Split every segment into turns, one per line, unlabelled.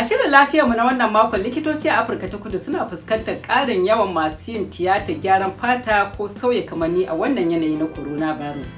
A shirin mu na wannan makon likitoci a Afirka ta kudu suna fuskantar ƙarin yawan masu yin tiyatar gyaran fata ko sauya kamanni a wannan yanayi na coronavirus.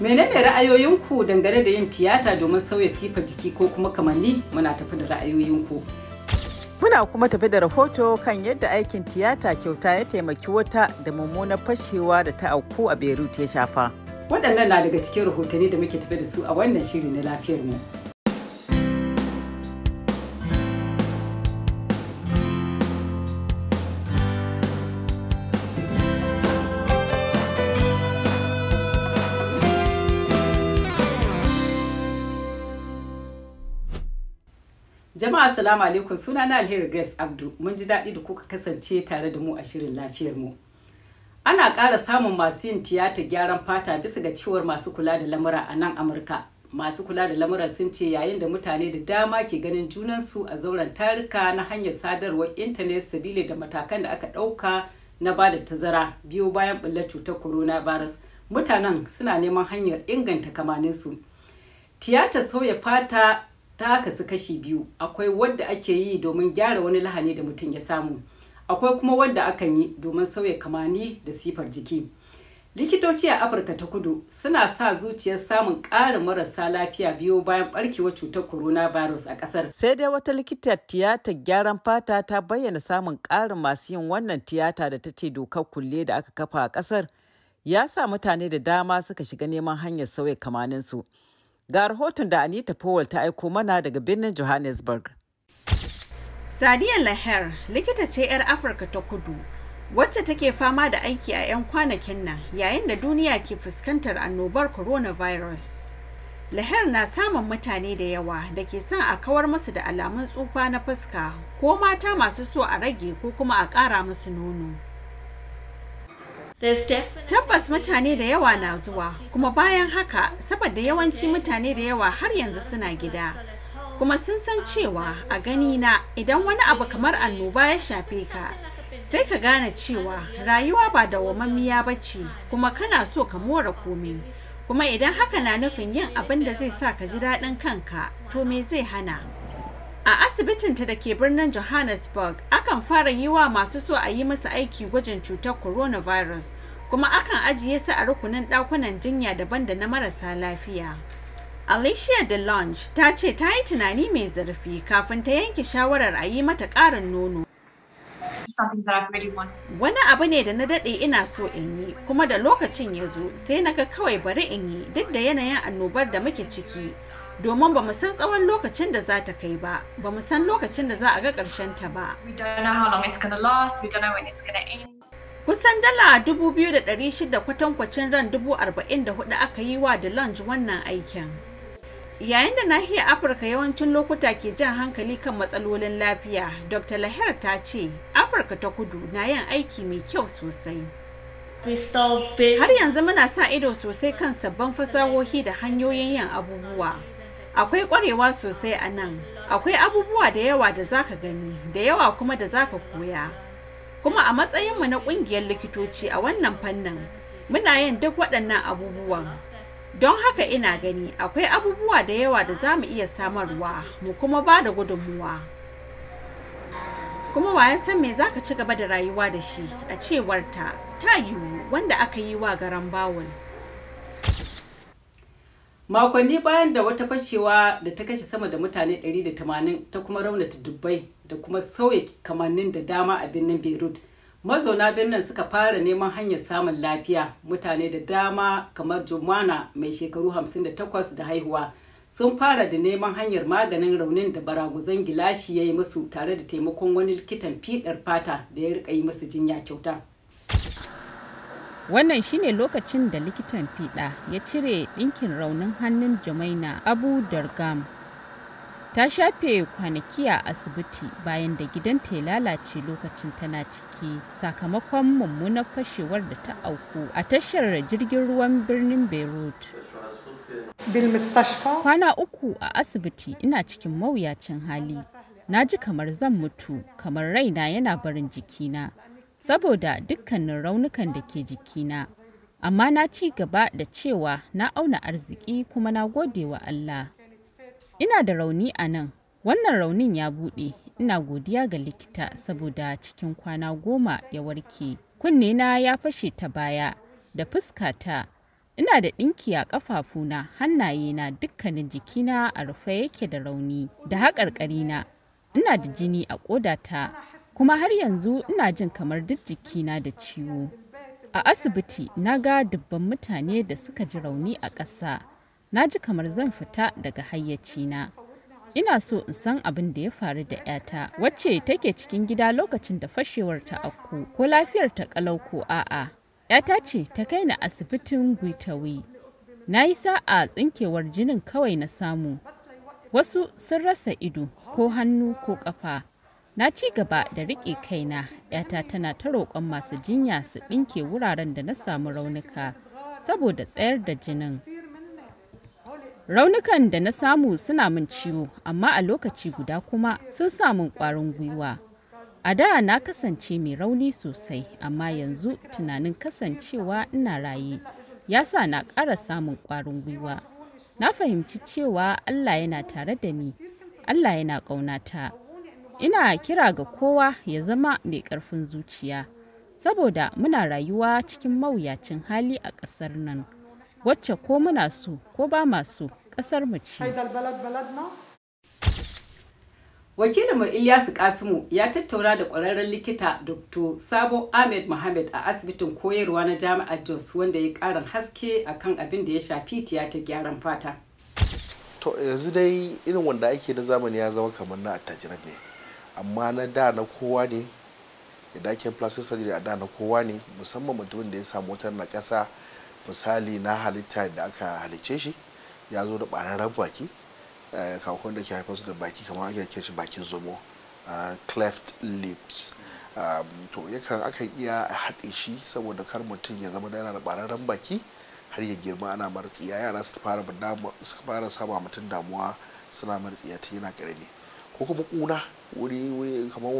Menene ra'ayoyinku dangane da yin tiyata domin sauya sifar jiki ko kuma kamanni muna tafi da ra'ayoyinku. Muna kuma tafi da rahoto kan yadda aikin tiyata kyauta ya taimaki wata da mummunar fashewa da ta auku a Beirut ya shafa. Waɗannan na daga cikin rahotanni da muke tafi da su a wannan shiri na lafiyar mu. Assalamu alaikum suna na alheri grace abdu mun ji daɗi da kuka kasance tare da mu a shirin lafiyar mu ana ƙara samun masu yin tiyata gyaran fata bisa ga cewar masu kula da lamura a nan amurka masu kula da lamura sun ce yayin da mutane da dama ke ganin junansu a zauren tarika na hanyar sadarwar intanet sabili da matakan da aka ɗauka na ba da tazara biyo bayan ɓullar cutar coronavirus mutanen suna neman hanyar inganta kamaninsu tiyatar sauya fata ta kasu kashi biyu akwai wadda ake yi domin gyara wani lahani da mutum ya samu akwai kuma wadda akan yi domin sauya kamani da sifar jiki likitoci a afirka ta kudu suna sa zuciyar samun ƙarin marasa lafiya biyo bayan barkewar cutar coronavirus a ƙasar sai dai wata likita tiyatar gyaran fata ta bayyana samun ƙarin masu yin wannan tiyata da ta ce dokar kulle da aka kafa a ƙasar ya sa mutane da dama suka shiga neman hanyar sauya kamaninsu. su Ga rahoton da Anita Powell ta aiko mana daga birnin Johannesburg.
Sadiya Lahar likita ce 'yar Afirka ta kudu wacce take fama da aiki a 'yan kwanakin nan yayin da duniya ke fuskantar annobar coronavirus. Lahar na samun mutane da yawa da ke son a kawar masu da alamun tsufa na fuska ko mata masu so a rage ko kuma a ƙara musu nono. Tabbas mutane da yawa na zuwa, kuma bayan haka, saboda yawanci mutane da yawa har yanzu suna gida. Kuma sun san cewa a gani na idan wani abu kamar annoba ya shafe ka, sai ka gane cewa rayuwa ba da dawwamammiya ba ce, kuma kana so ka more komai. Kuma idan haka na nufin yin abin da zai sa ka ji daɗin kanka, to me zai hana? A asibitinta da ke birnin Johannesburg, akan fara yi wa masu so a yi musu aiki gwajin cutar coronavirus, kuma akan ajiye su a rukunin ɗakunan jinya daban da na marasa lafiya. Alicia DeLonge ta ce ta yi tunani mai zurfi kafin ta yanke shawarar a yi mata ƙarin nono. Wani abu ne da na daɗe ina so in yi, kuma da lokacin ya zo sai na ga kawai bari in yi duk da yanayin annobar da muke ciki. domin ba mu san tsawon lokacin da za ta kai ba ba mu san lokacin da za a ga ƙarshen ta ba kusan dala 2,600 kwatankwacin ran 44,000 aka yi wa da lunch wannan aikin yayin da nahiyar afirka yawancin lokuta ke jan hankali kan matsalolin lafiya dr lahir ta ce afirka ta kudu na yin aiki mai kyau sosai har yanzu muna sa ido sosai kan sabbin fasahohi da hanyoyin yin abubuwa akwai ƙwarewa sosai a nan akwai abubuwa da yawa da za ka gani da yawa kuma da za ka koya kuma a matsayinmu na ƙungiyar likitoci a wannan fannin muna yin duk waɗannan abubuwan don haka ina gani akwai abubuwa da yawa da za mu iya samarwa mu kuma ba da gudunmuwa kuma ya san me zaka ci gaba da rayuwa da shi a cewarta ta yiwu wanda aka yi wa garan bawul
makonni bayan da wata fashewa da ta kashe sama da mutane 180 ta kuma raunata dubbai da kuma sauya kamannin da dama a birnin beirut mazauna birnin suka fara neman hanyar samun lafiya mutane da dama kamar jumana mai shekaru 58 da haihuwa sun fara da neman hanyar maganin raunin da baraguzan gilashi ya yi musu tare da taimakon wani likitan fiɗar fata da ya rika yi musu jinya kyauta wannan
shine lokacin da likitan fiɗa ya cire ɗinkin raunin hannun jamaina abu dargam ta shafe kwanaki a asibiti bayan da gidanta ya lalace lokacin tana ciki sakamakon mummunar fashewar da ta auku a tashar jirgin ruwan birnin beirut kwana uku a asibiti ina cikin mawuyacin hali na ji kamar zan mutu kamar raina yana barin jikina saboda dukkanin raunukan da ke jikina amma na ci gaba da cewa na auna arziki kuma na gode wa Allah ina da rauni a nan wannan raunin ya buɗe ina godiya ga likita saboda cikin kwana goma ya warke kunne na ya fashe ta baya da fuskata ina da ɗinki a ƙafafuna na dukkanin jikina a rufe yake da rauni da haƙarƙarina ina da jini a ƙodata kuma har yanzu ina jin kamar duk jikina da ciwo a asibiti na ga dubban mutane da suka ji rauni a ƙasa na ji kamar zan fita daga hayyacina ina so in san abin da ya faru da 'yata wacce take cikin gida lokacin da fashewar ta akku ko lafiyar ta kalau ko a'a 'yata ce ta kai ni asibitin guitawi na yi sa'a tsinkewar jinin kawai na samu wasu sun rasa ido ko hannu ko kafa na ci gaba da riƙe kaina yata tana ta roƙon masu jinya su ɗinke wuraren da na samu raunuka saboda tsayar da jinin raunukan da na samu suna min ciwo amma a lokaci guda kuma sun samun ƙwarin gwiwa a da na kasance mai rauni sosai amma yanzu tunanin kasancewa ina raye ya sa na ƙara samun ƙwarin gwiwa na fahimci cewa allah yana tare da ni allah yana ƙaunata ina kira ga kowa ya zama mai ƙarfin zuciya saboda muna rayuwa cikin mawuyacin hali a ƙasar nan wacce ko muna so ko ba masu ƙasar mu ce
wakilinmu ilyasu kasimu ya tattauna da ƙwararren likita dr sabo ahmed mohamed a asibitin koyarwa na jami'ar jos wanda ya ƙarin haske akan abin da ya shafi tiyatar gyaran fata
to yanzu dai irin wanda ake na zamani ya zama kamar na attajirar ne amma na da na kowa ne idaken plastic surgery a da na kowa ne musamman mutumin da ya samu wutar na ƙasa misali na halitta da aka halicce shi ya zo da ɓararren baki eh, kakon da ke haifar su da baki kamar ake kira shi bakin zomo eh, cleft lips to yakan aka iya haɗe shi saboda kar mutum ya zama da yana da ɓararren baki har ya girma ana martsiya yara su fara suka fara sama mutum damuwa suna martsiya ta yana ƙarami ko kuma ƙuna wuri wuri kamar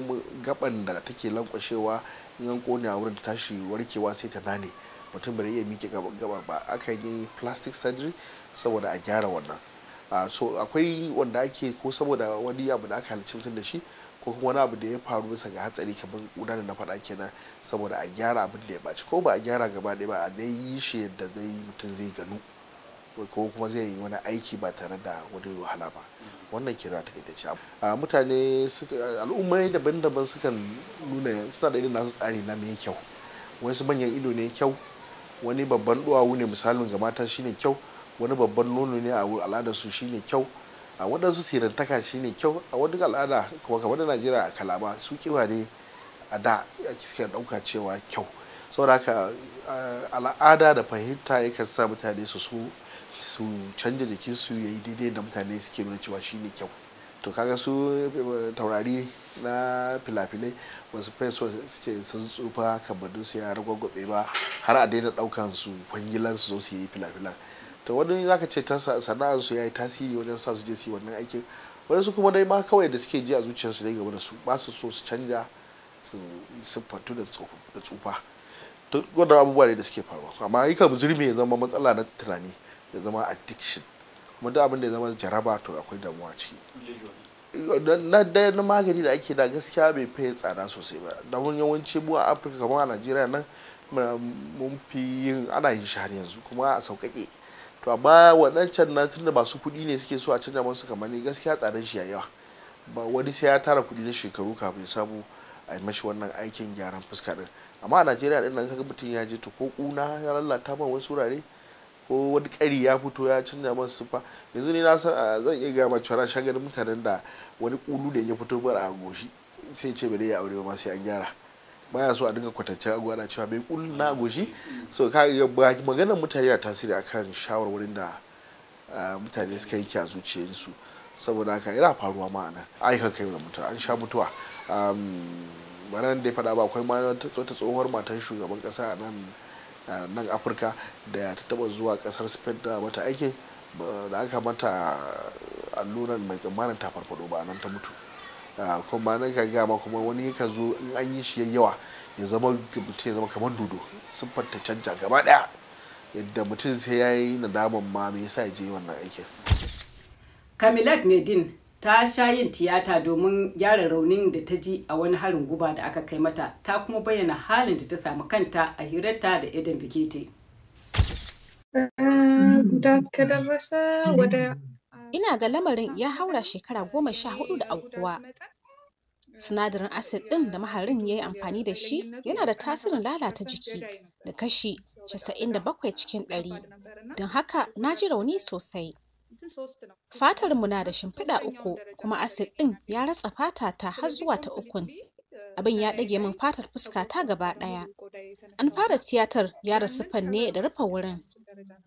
gaban da take lankwashewa in an kone a wurin da tashi warkewa sai ta nane mutum bai iya miƙe gaban ba aka yi plastic surgery saboda a gyara wannan so akwai wanda ake ko saboda wani abu da aka halicci mutum da shi ko kuma wani abu da ya faru bisa ga hatsari kamar gudanar na faɗa kenan saboda a gyara abin da ya ɓaci ko ba a gyara gaba ɗaya ba a dai yi shi yadda zai mutum zai ganu ko kuma zai yi wani aiki ba tare da wani wahala ba wannan kira ta ita a mutane al'ummai daban-daban sukan nuna suna da irin nasu tsari na mai kyau wasu manyan ido ne kyau wani babban duwawu ne misalin ga mata shine kyau wani babban nono ne a al'adar su shine kyau a waɗansu sirantaka shine kyau a wani al'ada kuma kamar da najeriya a kalaba su kiwa ne a da suke ɗauka cewa kyau saboda haka al'ada da fahimta yakan sa mutane su su su canja jikin su yi daidai da mutane suke nuna cewa shi ne kyau to kaga su eh, taurari na filafilai wasu fesu ce sun tsufa kamadun su ya ragwagwabe ba har a daina daukan su kwangilan su zo su yi filafilan to wani zaka ce sana'ar su yi tasiri wajen sa su je su yi wannan aikin wani su kuma dai ma kawai da suke ji a zuciyarsu dai game da su ba su so su canja su siffatu da tsufa to wannan abubuwa ne da suke faruwa amma yakan zirme ya zama matsala na tunani ya zama addiction kuma duk abin da ya zama jaraba to akwai damuwa ciki na daya na magani da ake da gaskiya bai faye tsada sosai ba mun yawanci mu a afirka kamar a najeriya nan mun fi yin ana yin shi yanzu kuma a sauƙaƙe to amma waɗancan na tunda masu kuɗi ne suke so a canja masu kamar ni gaskiya tsadar shi ya yawa ba wani sai ya tara kuɗi na shekaru kafin ya samu a yi mashi wannan aikin gyaran fuska din amma a najeriya ɗin nan kaga mutum ya je to ko ƙuna ya lalata ma wasu wurare ko wani kari ya fito ya canza masu sufa yanzu ne na san ah, zan iya gama cewa sha ganin mutanen da wani kulu da ya fito bar a goshi sai ce bai ya aure ba sai an gyara baya so a dinga kwatancen agwa na cewa bai kulu na goshi so ka ga maganar mutane na tasiri akan shawarwarin da ah, mutane suka yi a zuciyarsu saboda haka yana faruwa ma'ana kan kai da mutu an sha mutuwa nan da ya faɗa ba akwai ma wata tsohuwar matan shugaban ƙasa a nan nan afirka da ta taba zuwa kasar spain da mata aiki da aka mata alluran mai tsammanin ta farfado ba nan ta mutu kuma nan ka gama kuma wani ka zo in an yi shi yawa ya zama mutum ya zama kamar dodo siffar ta canja gaba daya yadda mutum sai ya yi nadaman ma me yasa ya je wannan aikin
kamilat nedin ta sha yin tiyata domin gyara raunin da ta ji a wani harin guba da aka kai mata ta kuma bayyana halin da ta samu kanta a hirarta da idan bikiti
ina ga lamarin ya haura shekara goma sha hudu da aukuwa sinadarin asid ɗin da maharin ya yi amfani da shi yana da tasirin lalata jiki da kashi 97 cikin 100 don haka na ji rauni sosai Fatarmu na da shimfiɗa uku kuma asid ɗin ya ratsa ta har zuwa ta ukun. Abin ya ɗage min fatar fuska ta gaba ɗaya. An fara tiyatar ya rasu fanne da rufe wurin.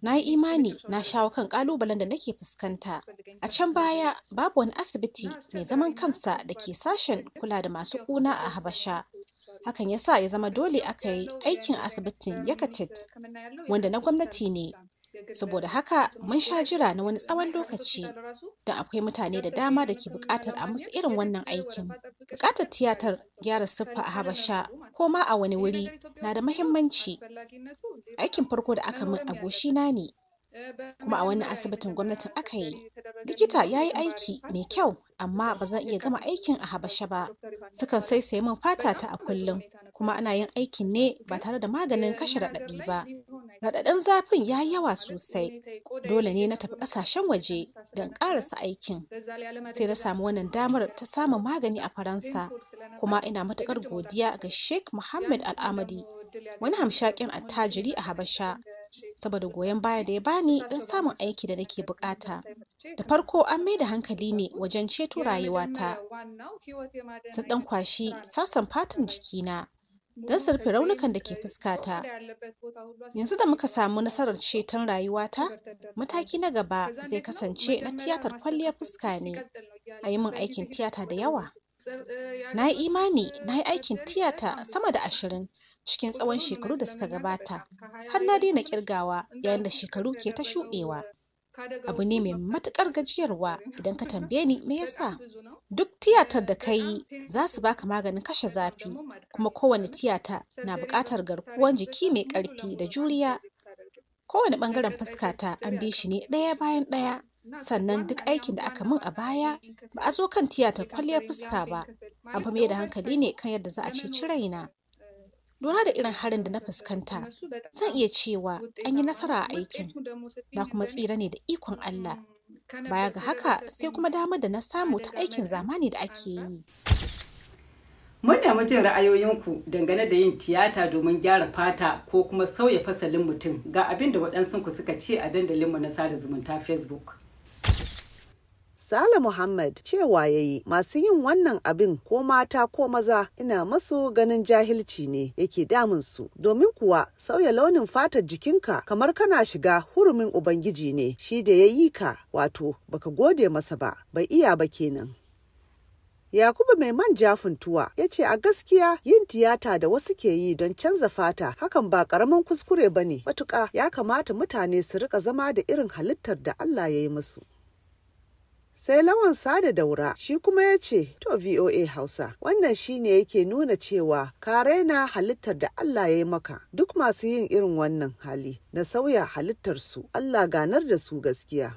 Na yi imani na shawo kan ƙalubalen da nake fuskanta. A can baya babu wani asibiti mai zaman kansa da ke sashen kula da masu ƙuna a Habasha. Hakan ya sa ya zama dole aka yi aikin asibitin Yakatet wanda na gwamnati ne Saboda haka mun sha jira na wani tsawon lokaci da akwai mutane da dama da ke bukatar a musu irin wannan aikin. bukatar tiyatar gyara siffa a Habasha ko ma a wani wuri na da mahimmanci. Aikin farko da aka min a goshina ne kuma a wannan asibitin gwamnatin aka yi likita ya yi aiki mai kyau amma ba zan iya gama aikin a habasha ba sukan saisaye min fata ta a kullum kuma ana yin aikin ne ba tare da maganin kashe raɗaɗi ba Raɗaɗin zafin ya yi yawa sosai, dole ne na tafi ƙasashen waje don ƙarasa aikin. Sai na samu wannan damar ta samun magani a Faransa, kuma ina matuƙar godiya ga Sheikh Muhammad Al'amadi, wani hamshakin attajiri a Habasha. saboda goyon baya da ya bani don samun aiki da nake bukata. Da farko an mai da hankali ne wajen ceto rayuwata. Sun ɗan kwashi sasan fatan jikina don surfe raunukan da ke fuskata. Yanzu da muka samu nasarar ceton rayuwata, mataki na gaba zai kasance na tiyatar kwalliyar fuska ne, a yi min aikin tiyata da yawa. Na yi imani na yi aikin tiyata sama da ashirin cikin tsawon shekaru da suka gabata, har na daina kirgawa yayin da shekaru ke ta shuɗewa. abu ne mai matuƙar gajiyarwa idan ka tambaye ni me yasa duk tiyatar da eh, ka yi za su baka maganin kashe zafi kuma kowane tiyata na bukatar garkuwan jiki mai karfi da juriya kowane bangaren fuska ta an bi shi ne ɗaya bayan ah, ɗaya sannan duk aikin da aka min a baya ba a zo kan tiyatar kwalliyar fuska ba an fi mai da hankali ne kan yadda za a ceci raina Lura da irin harin da na fuskanta, zan iya cewa an yi nasara a aikin, na kuma tsira ne da ikon Allah. Baya ga haka sai kuma damar da na samu ta aikin zamani da ake yi. Mun damu
jin ra'ayoyinku dangane da yin tiyata domin gyara fata ko kuma sauya fasalin mutum ga abin da waɗansu suka ce a dandalinmu na sada zumunta Facebook.
Sala Muhammad cewa ya yi masu yin wannan abin ko mata ko maza ina masu ganin jahilci ne yake damun su domin kuwa sauya launin fatar jikinka kamar kana shiga hurumin Ubangiji ne shi da ya yi ka wato baka gode masa ba bai iya ba kenan. Yakubu mai manja funtuwa ya ce a gaskiya yin tiyata da wasu ke yi don canza fata hakan ba karamin kuskure ba ne matuƙa ya kamata mutane su rika zama da irin halittar da Allah ya yi musu. sai lawan sada daura shi kuma ya ce to voa hausa wannan shi ne yake nuna cewa ka raina halittar da allah ya yi maka duk masu yin irin wannan hali na sauya halittarsu allah ganar da su gaskiya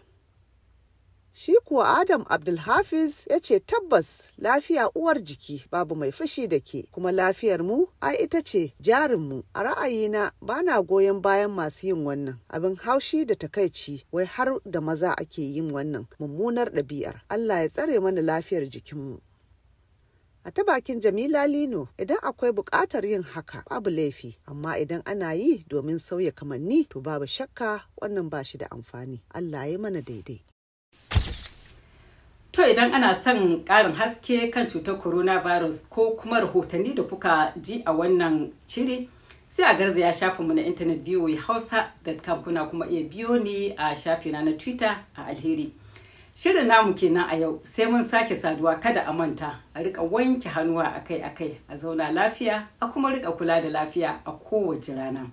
Shi kuwa Adam Abdulhafiz ya ce tabbas lafiya uwar jiki babu mai fushi da ke kuma lafiyar mu ai ita ce jarin mu. a ra'ayina ba na goyon bayan masu yin wannan abin haushi da takaici wai har da maza ake yin wannan mummunar ɗabi'ar Allah ya tsare mana lafiyar jikinmu. a ta bakin Jamila Lino idan akwai buƙatar yin haka babu laifi amma idan ana yi domin sauya kamanni to babu shakka wannan ba shi da amfani Allah ya mana daidai
To idan ana son ƙarin haske kan cutar coronavirus ko kuma rahotanni da kuka ji a wannan shiri sai a garza ya shafi mu na intanet ya hausa da kamfuna kuma iya biyo ni a shafina na twitter a alheri. Shirin namu kenan a yau sai mun sake saduwa kada a manta a rika wanke hannuwa akai-akai a zauna lafiya a kuma rika kula da lafiya a kowace rana.